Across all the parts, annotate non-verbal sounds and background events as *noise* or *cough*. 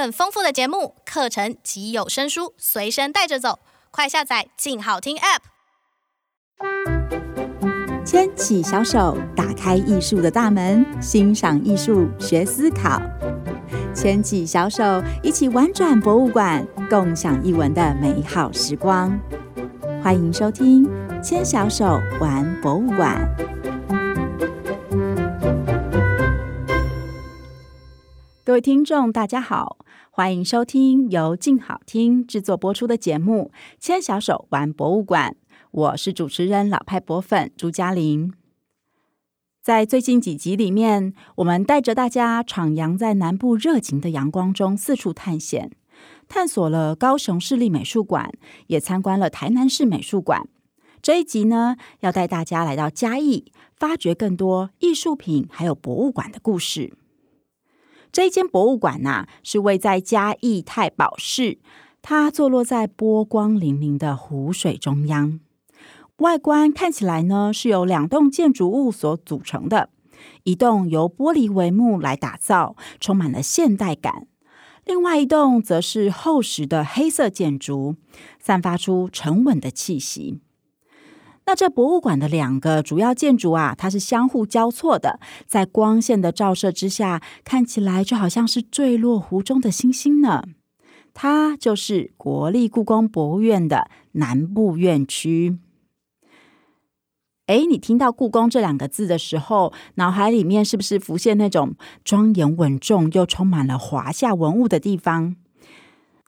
更豐富的節目、課程及有聲書隨身帶着走，快下載“鏡好聽 ”App。牽起小手，打開藝術的大門，欣賞藝術，學思考。牽起小手，一起玩轉博物館，共享藝文的美好時光。歡迎收聽《牽小手玩博物館》。各位聽眾，大家好。歡迎收聽由靜好聽制作播出的節目《牽小手玩博物館》，我是主持人老派博粉朱家琳。在最近幾集裡面，我們帶着大家徜徉在南部熱情的陽光中，四處探險，探索了高雄市立美術館，也參觀了台南市美術館。這一集呢，要帶大家來到嘉義，發掘更多藝術品還有博物館的故事。這一間博物館吶、啊，是位在嘉義太保市，它坐落在波光粼粼的湖水中央。外觀看起來呢，是由兩棟建築物所組成的，一棟由玻璃帷幕來打造，充滿了現代感；另外一棟則是厚實的黑色建築，散發出沉穩的氣息。那這博物館的兩個主要建築啊，它是相互交錯的，在光線的照射之下，看起來就好像是墜落湖中的星星呢。它就是國立故宮博物院的南部院區。哎，你聽到“故宮”這兩個字的時候，腦海裡面是不是浮現那種莊嚴穩重又充滿了華夏文物的地方？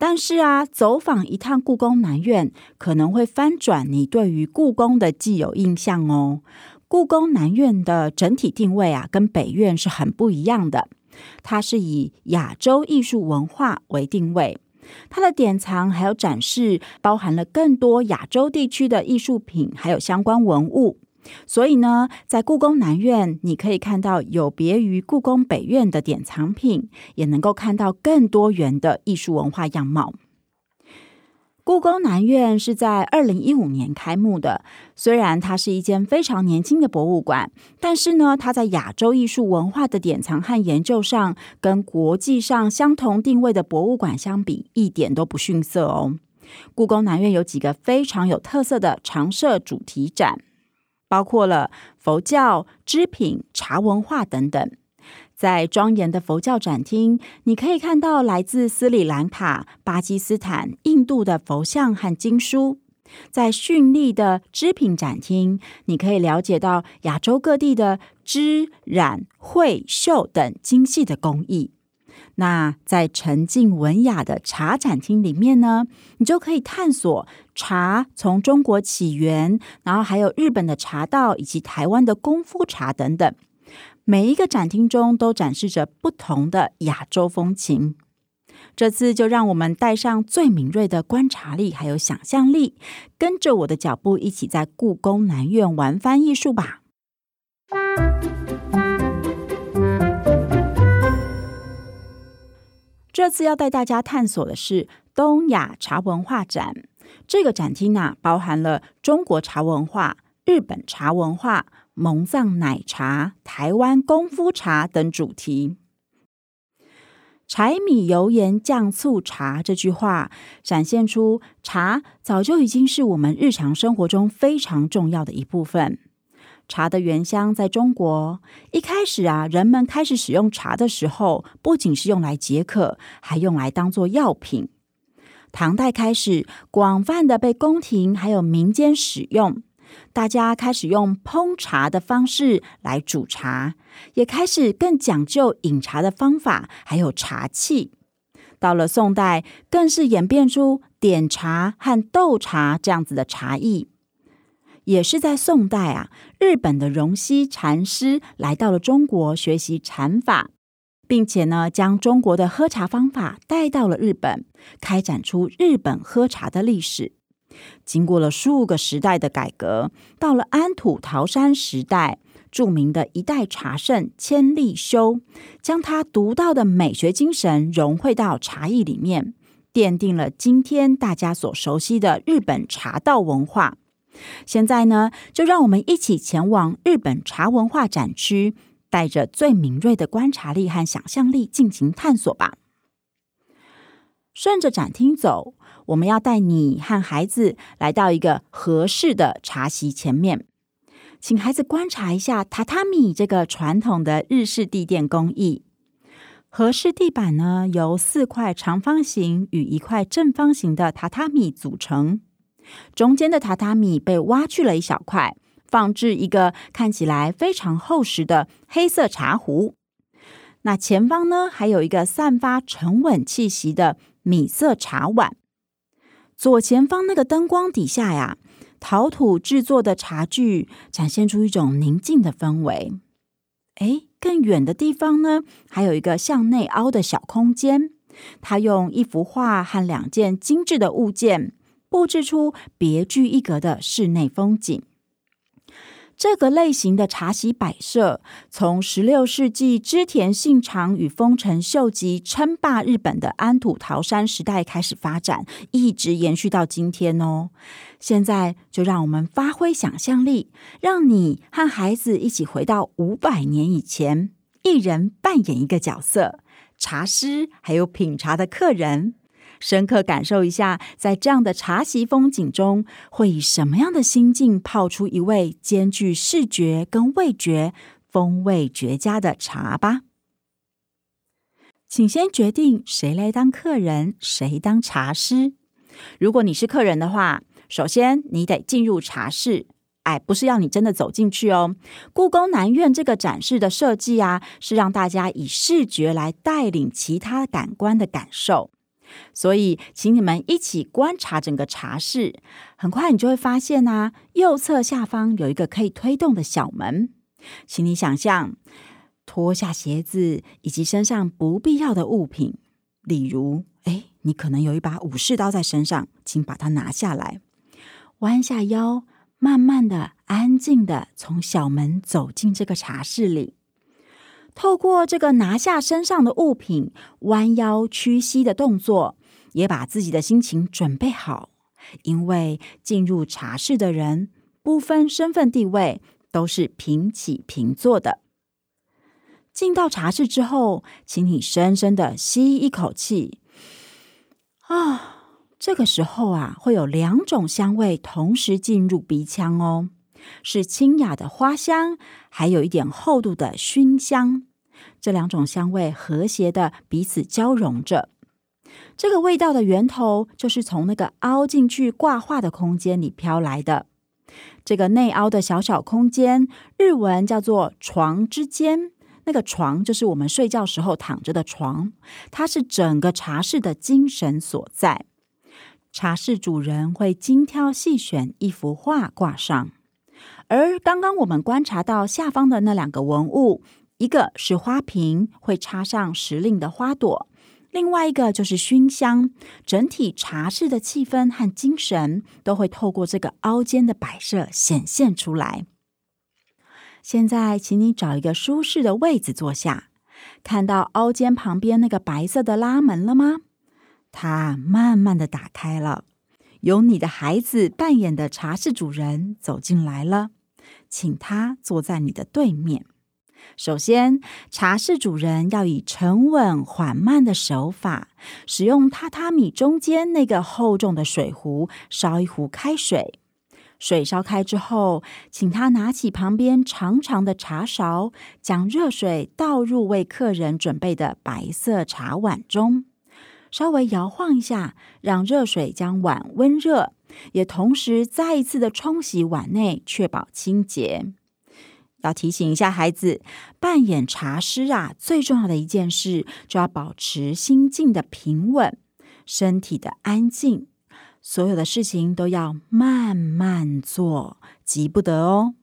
但是啊，走訪一趟故宮南院，可能會翻轉你對於故宮的既有印象哦。故宮南院的整體定位啊，跟北院是很不一樣的。它是以亞洲藝術文化為定位，它的典藏還有展示，包含了更多亞洲地區的藝術品，還有相關文物。所以呢，在故宮南院，你可以看到有別於故宮北院的典藏品，也能夠看到更多元的藝術文化樣貌。故宮南院是在二零一五年開幕的，雖然它是一間非常年輕的博物館，但是呢，它在亞洲藝術文化的典藏和研究上，跟國際上相同定位的博物館相比，一點都不遜色哦。故宮南院有幾個非常有特色的常設主題展。包括了佛教、織品、茶文化等等。在莊嚴的佛教展廳，你可以看到來自斯里蘭卡、巴基斯坦、印度的佛像和經書。在絢麗的織品展廳，你可以了解到亞洲各地的織、染、繪、繡等精細的工藝。那在沉靜文雅的茶展廳裡面呢，你就可以探索茶從中國起源，然後還有日本的茶道以及台灣的功夫茶等等。每一個展廳中都展示着不同的亞洲風情。這次就讓我們帶上最敏銳的觀察力還有想象力，跟着我的腳步一起在故宮南院玩翻藝術吧。這次要帶大家探索的是東亞茶文化展。這個展廳呢啊，包含了中國茶文化、日本茶文化、蒙藏奶茶、台灣功夫茶等主題。柴米油鹽醬醋茶這句話，展現出茶早就已經是我們日常生活中非常重要的一部分。茶的原鄉在中國。一開始啊，人們開始使用茶的時候，不僅是用來解渴，還用來當做藥品。唐代開始廣泛的被宮廷還有民間使用，大家開始用烹茶的方式來煮茶，也開始更講究飲茶的方法，還有茶器。到了宋代，更是演變出點茶和鬥茶這樣子的茶藝。也是在宋代啊，日本的榮西禪師來到了中國學習禪法，並且呢，將中國的喝茶方法帶到了日本，開展出日本喝茶的歷史。經過了數個時代的改革，到了安土桃山時代，著名的一代茶聖千利休，將他獨到的美學精神融匯到茶藝裡面，奠定了今天大家所熟悉的日本茶道文化。現在呢，就讓我們一起前往日本茶文化展區，帶着最敏銳的觀察力和想象力進行探索吧。順着展廳走，我們要帶你和孩子來到一個和室的茶席前面，請孩子觀察一下榻榻米這個傳統的日式地墊工藝。和室地板呢，由四塊長方形與一塊正方形的榻榻米組成。中間的榻榻米被挖去了一小塊，放置一個看起來非常厚實的黑色茶壺。那前方呢，還有一個散發沉穩氣息的米色茶碗。左前方那個燈光底下呀，陶土制作的茶具展現出一種寧靜的氛圍。哎，更遠的地方呢，還有一個向內凹的小空間，它用一幅畫和兩件精致的物件。佈置出別具一格的室內風景。這個類型的茶席擺設，從十六世紀織田信長與豐臣秀吉稱霸日本的安土桃山時代開始發展，一直延續到今天哦。現在就讓我們發揮想象力，讓你和孩子一起回到五百年以前，一人扮演一個角色：茶師，還有品茶的客人。深刻感受一下，在這樣的茶席風景中，會以什麼樣的心境泡出一杯兼具視覺跟味覺、風味絕佳的茶吧。請先決定誰來當客人，誰當茶師。如果你是客人的話，首先你得進入茶室。哎，不是要你真的走進去哦。故宮南院這個展示的設計啊，是讓大家以視覺來帶領其他感官的感受。所以，請你們一起觀察整個茶室。很快，你就會發現啊，右側下方有一個可以推動的小門。請你想象，脫下鞋子以及身上不必要的物品，例如，哎，你可能有一把武士刀在身上，請把它拿下來，彎下腰，慢慢的、安靜的從小門走進這個茶室裡。透過這個拿下身上的物品、彎腰屈膝的動作，也把自己的心情準備好，因為進入茶室的人不分身份地位，都是平起平坐的。進到茶室之後，請你深深的吸一口氣。啊，這個時候啊，會有兩種香味同時進入鼻腔哦。是清雅的花香，還有一點厚度的熏香，這兩種香味和諧的彼此交融着。這個味道的源頭就是從那個凹進去掛畫的空間裡飄來的。這個內凹的小小空間，日文叫做床之間。那個床就是我們睡覺時候躺着的床，它是整個茶室的精神所在。茶室主人會精挑細選一幅畫掛上。而剛剛我們觀察到下方的那兩個文物，一個是花瓶，會插上時令的花朵；另外一個就是熏香。整體茶室的氣氛和精神都會透過這個凹間的擺設顯現出來。現在，請你找一個舒適的位子坐下。看到凹間旁邊那個白色的拉門了嗎？它慢慢的打開了。由你的孩子扮演的茶室主人走進來了，請他坐在你的對面。首先，茶室主人要以沉穩緩慢的手法，使用榻榻米中間那個厚重的水壺燒一壺開水。水燒開之後，請他拿起旁邊長長的茶勺，將熱水倒入為客人準備的白色茶碗中。稍微搖晃一下，讓熱水將碗溫熱，也同時再一次的沖洗碗內，確保清潔。要提醒一下孩子，扮演茶師啊，最重要的一件事，就要保持心境的平穩，身體的安靜，所有的事情都要慢慢做，急不得哦。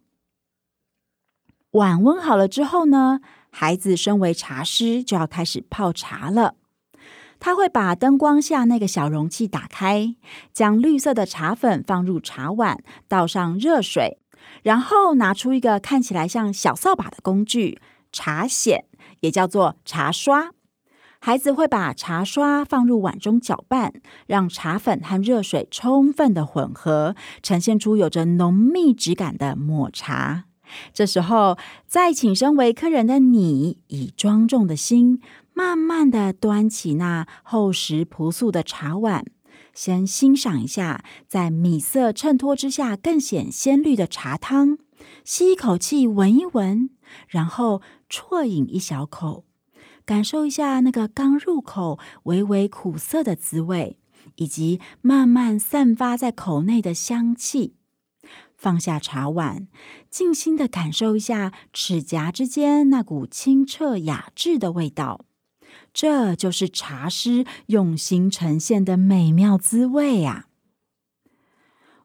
碗溫好了之後呢，孩子身為茶師就要開始泡茶了。他會把燈光下那個小容器打開，將綠色的茶粉放入茶碗，倒上熱水，然後拿出一個看起來像小掃把的工具——茶筅，也叫做茶刷。孩子會把茶刷放入碗中攪拌，讓茶粉和熱水充分地混合，呈現出有着濃密質感的抹茶。這時候，再請身為客人的你，以莊重的心。慢慢地端起那厚實樸素的茶碗，先欣賞一下在米色襯托之下更顯鮮綠的茶湯，吸一口氣，聞一聞，然後啜飲一小口，感受一下那個剛入口微微苦澀的滋味，以及慢慢散發在口內的香氣。放下茶碗，靜心地感受一下齒頰之間那股清澈雅致的味道。這就是茶師用心呈現的美妙滋味啊！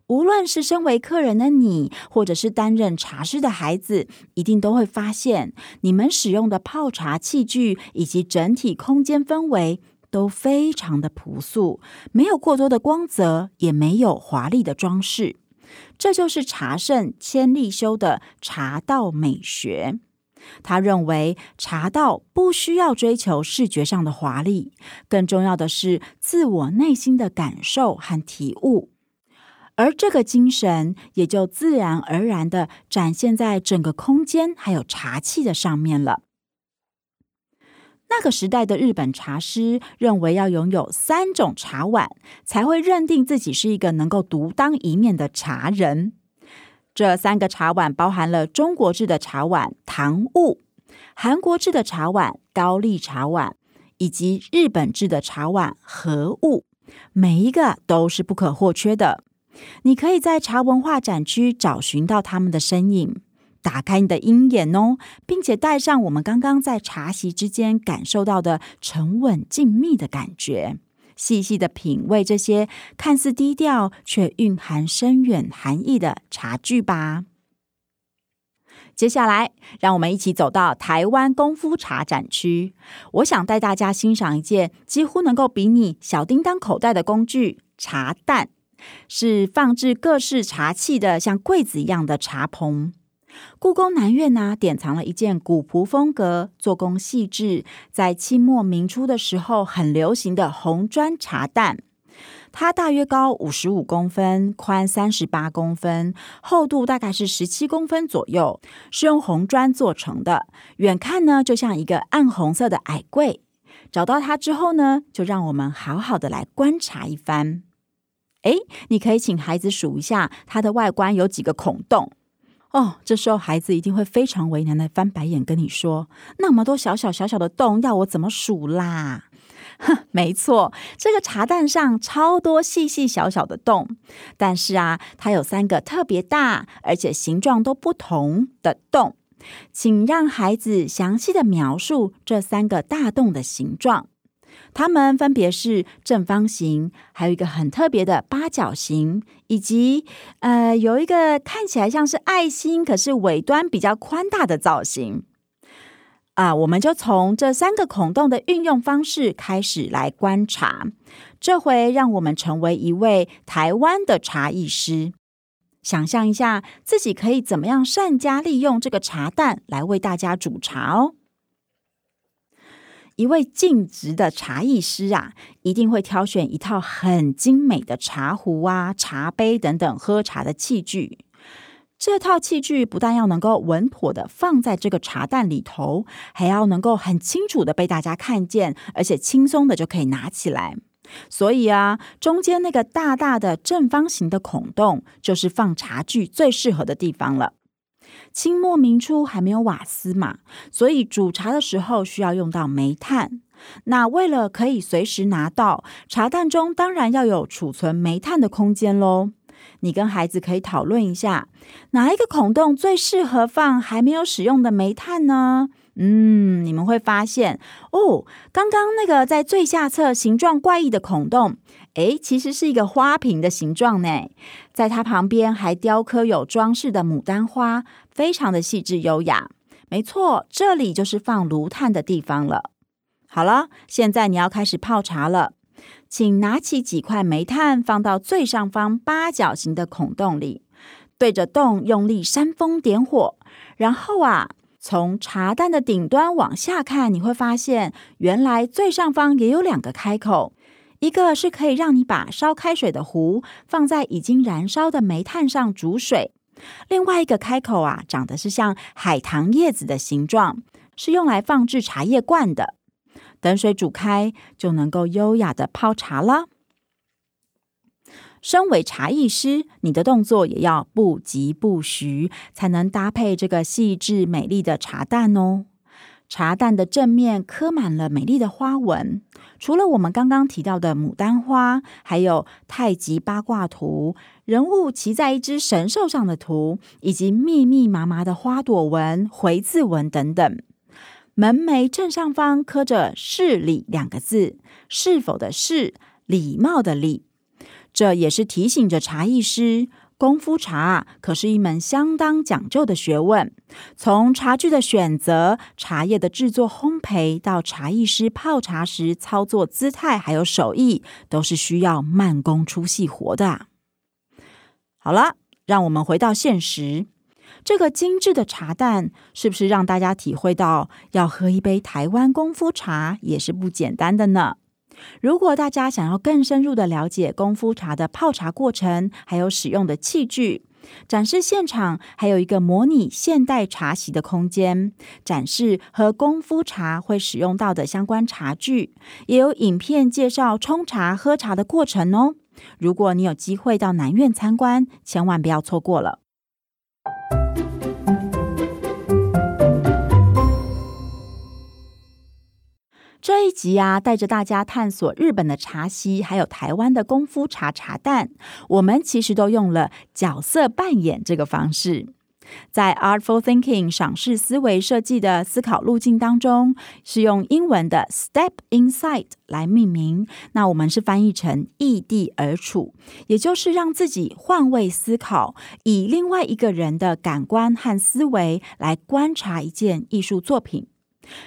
無論是身為客人的你，或者是擔任茶師的孩子，一定都會發現，你們使用的泡茶器具以及整體空間氛圍都非常的樸素，沒有過多的光澤，也沒有華麗的裝飾。這就是茶聖千利休的茶道美學。他認為茶道不需要追求視覺上的華麗，更重要的是自我內心的感受和體悟。而這個精神也就自然而然地展現在整個空間還有茶器的上面了。那個時代的日本茶師認為，要擁有三種茶碗，才會認定自己是一個能夠獨當一面的茶人。這三個茶碗包含了中國製的茶碗唐物，韓國製的茶碗高麗茶碗，以及日本製的茶碗和物，每一個都是不可或缺的。你可以在茶文化展區找尋到他們的身影，打開你的鷹眼哦，並且帶上我們剛剛在茶席之間感受到的沉穩靜謐的感覺。細細的品味這些看似低調卻蘊含深遠含義的茶具吧。接下來，讓我們一起走到台灣功夫茶展區。我想帶大家欣賞一件幾乎能夠比擬小叮噹口袋的工具——茶擔，是放置各式茶器的像櫃子一樣的茶棚。故宮南院呢，典藏了一件古樸風格、做工細緻，在清末民初的時候很流行的紅磚茶蛋。它大約高五十五公分，寬三十八公分，厚度大概是十七公分左右，是用紅磚做成的。遠看呢，就像一個暗紅色的矮櫃。找到它之後呢，就讓我們好好的來觀察一番。哎，你可以請孩子數一下它的外觀有幾個孔洞。哦，這時候孩子一定會非常為難的翻白眼，跟你說：“那麼多小小小小的洞，要我怎麼數啦？”哼，沒錯，這個茶蛋上超多細細小小的洞，但是啊，它有三個特別大，而且形狀都不同的洞，請讓孩子詳細的描述這三個大洞的形狀。它們分別是正方形，還有一個很特別的八角形，以及呃有一個看起來像是愛心，可是尾端比較寬大的造型。啊，我們就從這三個孔洞的運用方式開始來觀察。這回讓我們成為一位台灣的茶藝師，想象一下自己可以怎麼樣善加利用這個茶蛋來為大家煮茶哦。一位盡職的茶藝師啊，一定會挑選一套很精美的茶壺啊、茶杯等等喝茶的器具。這套器具不但要能夠穩妥的放在這個茶擔裡頭，還要能夠很清楚的被大家看見，而且輕鬆的就可以拿起來。所以啊，中間那個大大的正方形的孔洞，就是放茶具最適合的地方了。清末民初還沒有瓦斯嘛，所以煮茶的時候需要用到煤炭。那為了可以隨時拿到茶擔中，當然要有儲存煤炭的空間嘍。你跟孩子可以討論一下，哪一個孔洞最適合放還沒有使用的煤炭呢？嗯，你們會發現哦，剛剛那個在最下側、形狀怪異的孔洞。哎，其實是一個花瓶的形狀呢，在它旁邊還雕刻有裝飾的牡丹花，非常的細緻優雅。沒錯，這裡就是放爐炭的地方了。好了，現在你要開始泡茶了，請拿起幾塊煤炭放到最上方八角形的孔洞裡，對着洞用力煽風點火，然後啊，從茶蛋的頂端往下看，你會發現原來最上方也有兩個開口。一個是可以讓你把燒開水的壺放在已經燃燒的煤炭上煮水，另外一個開口啊，長得是像海棠葉子的形狀，是用來放置茶葉罐的。等水煮開，就能夠優雅地泡茶了。身為茶藝師，你的動作也要不疾不徐，才能搭配這個細緻美麗的茶擔哦。茶蛋的正面刻滿了美麗的花紋，除了我們剛剛提到的牡丹花，還有太極八卦圖、人物騎在一隻神獸上的圖，以及密密麻麻的花朵紋、回字紋等等。門楣正上方刻着“是禮”兩個字，是否的“是”、禮貌的“禮”，這也是提醒着茶藝師。功夫茶可是一門相當講究的學問，從茶具的選擇、茶葉的製作、烘焙到茶藝師泡茶時操作姿態，還有手藝，都是需要慢工出細活的。好了，讓我們回到現實，這個精緻的茶蛋，是不是讓大家體會到要喝一杯台灣功夫茶也是不簡單的呢？如果大家想要更深入的了解功夫茶的泡茶過程，還有使用的器具，展示現場還有一個模擬現代茶席的空間，展示和功夫茶會使用到的相關茶具，也有影片介紹沖茶喝茶的過程哦。如果你有機會到南院參觀，千萬不要錯過了。這一集啊，帶着大家探索日本的茶席，還有台灣的功夫茶茶蛋。我們其實都用了角色扮演這個方式，在 Artful Thinking 賞識思維設計的思考路徑當中，是用英文的 Step Inside 來命名。那我們是翻譯成易地而處，也就是讓自己換位思考，以另外一個人的感官和思維來觀察一件藝術作品。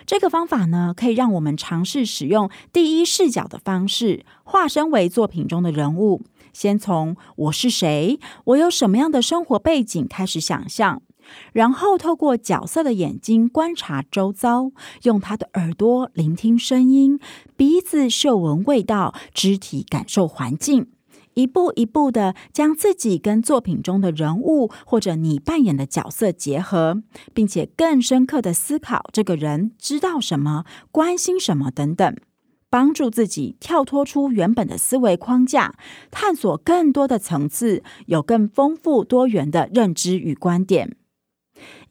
這個方法呢，可以讓我們嘗試使用第一視角的方式，化身為作品中的人物。先從我是誰，我有什麼樣的生活背景開始想象，然後透過角色的眼睛觀察周遭，用他的耳朵聆聽聲音，鼻子嗅聞味道，肢體感受環境。一步一步的將自己跟作品中的人物或者你扮演的角色結合，並且更深刻的思考這個人知道什麼、關心什麼等等，幫助自己跳脫出原本的思維框架，探索更多的層次，有更豐富多元的認知與觀點。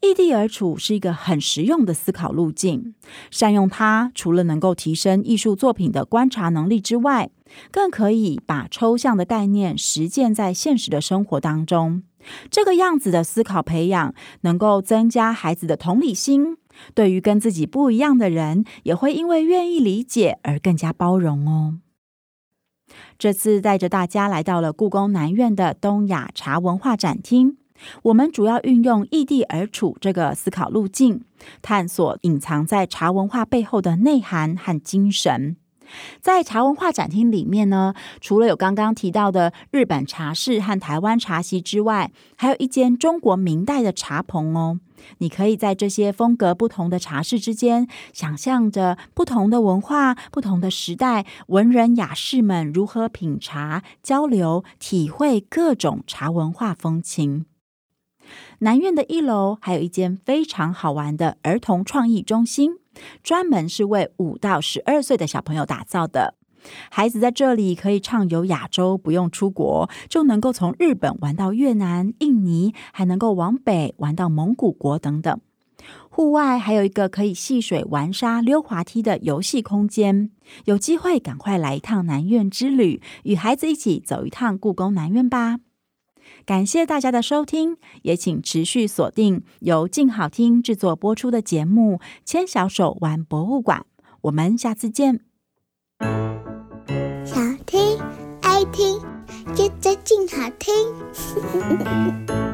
易地而處是一個很實用的思考路徑，善用它，除了能夠提升藝術作品的觀察能力之外，更可以把抽象的概念實踐在現實的生活當中。這個樣子的思考培養，能夠增加孩子的同理心，對於跟自己不一樣的人，也會因為願意理解而更加包容哦。這次帶着大家來到了故宮南院的東亞茶文化展廳，我們主要運用易地而處這個思考路徑，探索隱藏在茶文化背後的內涵和精神。在茶文化展廳裡面呢，除了有剛剛提到的日本茶室和台灣茶席之外，還有一間中國明代的茶棚哦。你可以在這些風格不同的茶室之間，想象着不同的文化、不同的時代，文人雅士們如何品茶、交流、體會各種茶文化風情。南院的一樓還有一間非常好玩的兒童創意中心。專門是為五到十二歲的小朋友打造的，孩子在這裡可以暢遊亞洲，不用出國，就能夠從日本玩到越南、印尼，還能夠往北玩到蒙古國等等。戶外還有一個可以戲水、玩沙、溜滑梯的遊戲空間，有機會趕快來一趟南院之旅，與孩子一起走一趟故宮南院吧。感謝大家的收聽，也請持續鎖定由靜好聽制作播出的節目《牽小手玩博物館》，我們下次見。想聽愛聽，就聽靜好聽。 *laughs*